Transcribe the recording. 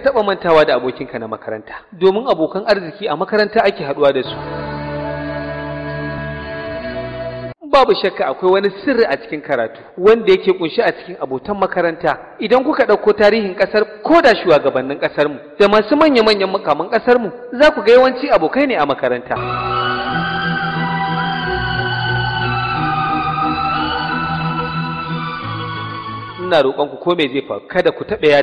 ka taɓa mantawa da abokinka na makaranta domin abokan arziki a makaranta ake haɗuwa da su babu shakka akwai wani sirri a cikin karatu wanda yake kunshi a cikin abotan makaranta idan kuka ɗauko tarihin ƙasar ko da shugabannin ƙasar mu da masu manya-manyan makaman ƙasar mu za ku ga yawanci abokai ne a makaranta ina roƙon ko me zai faru kada ku taɓa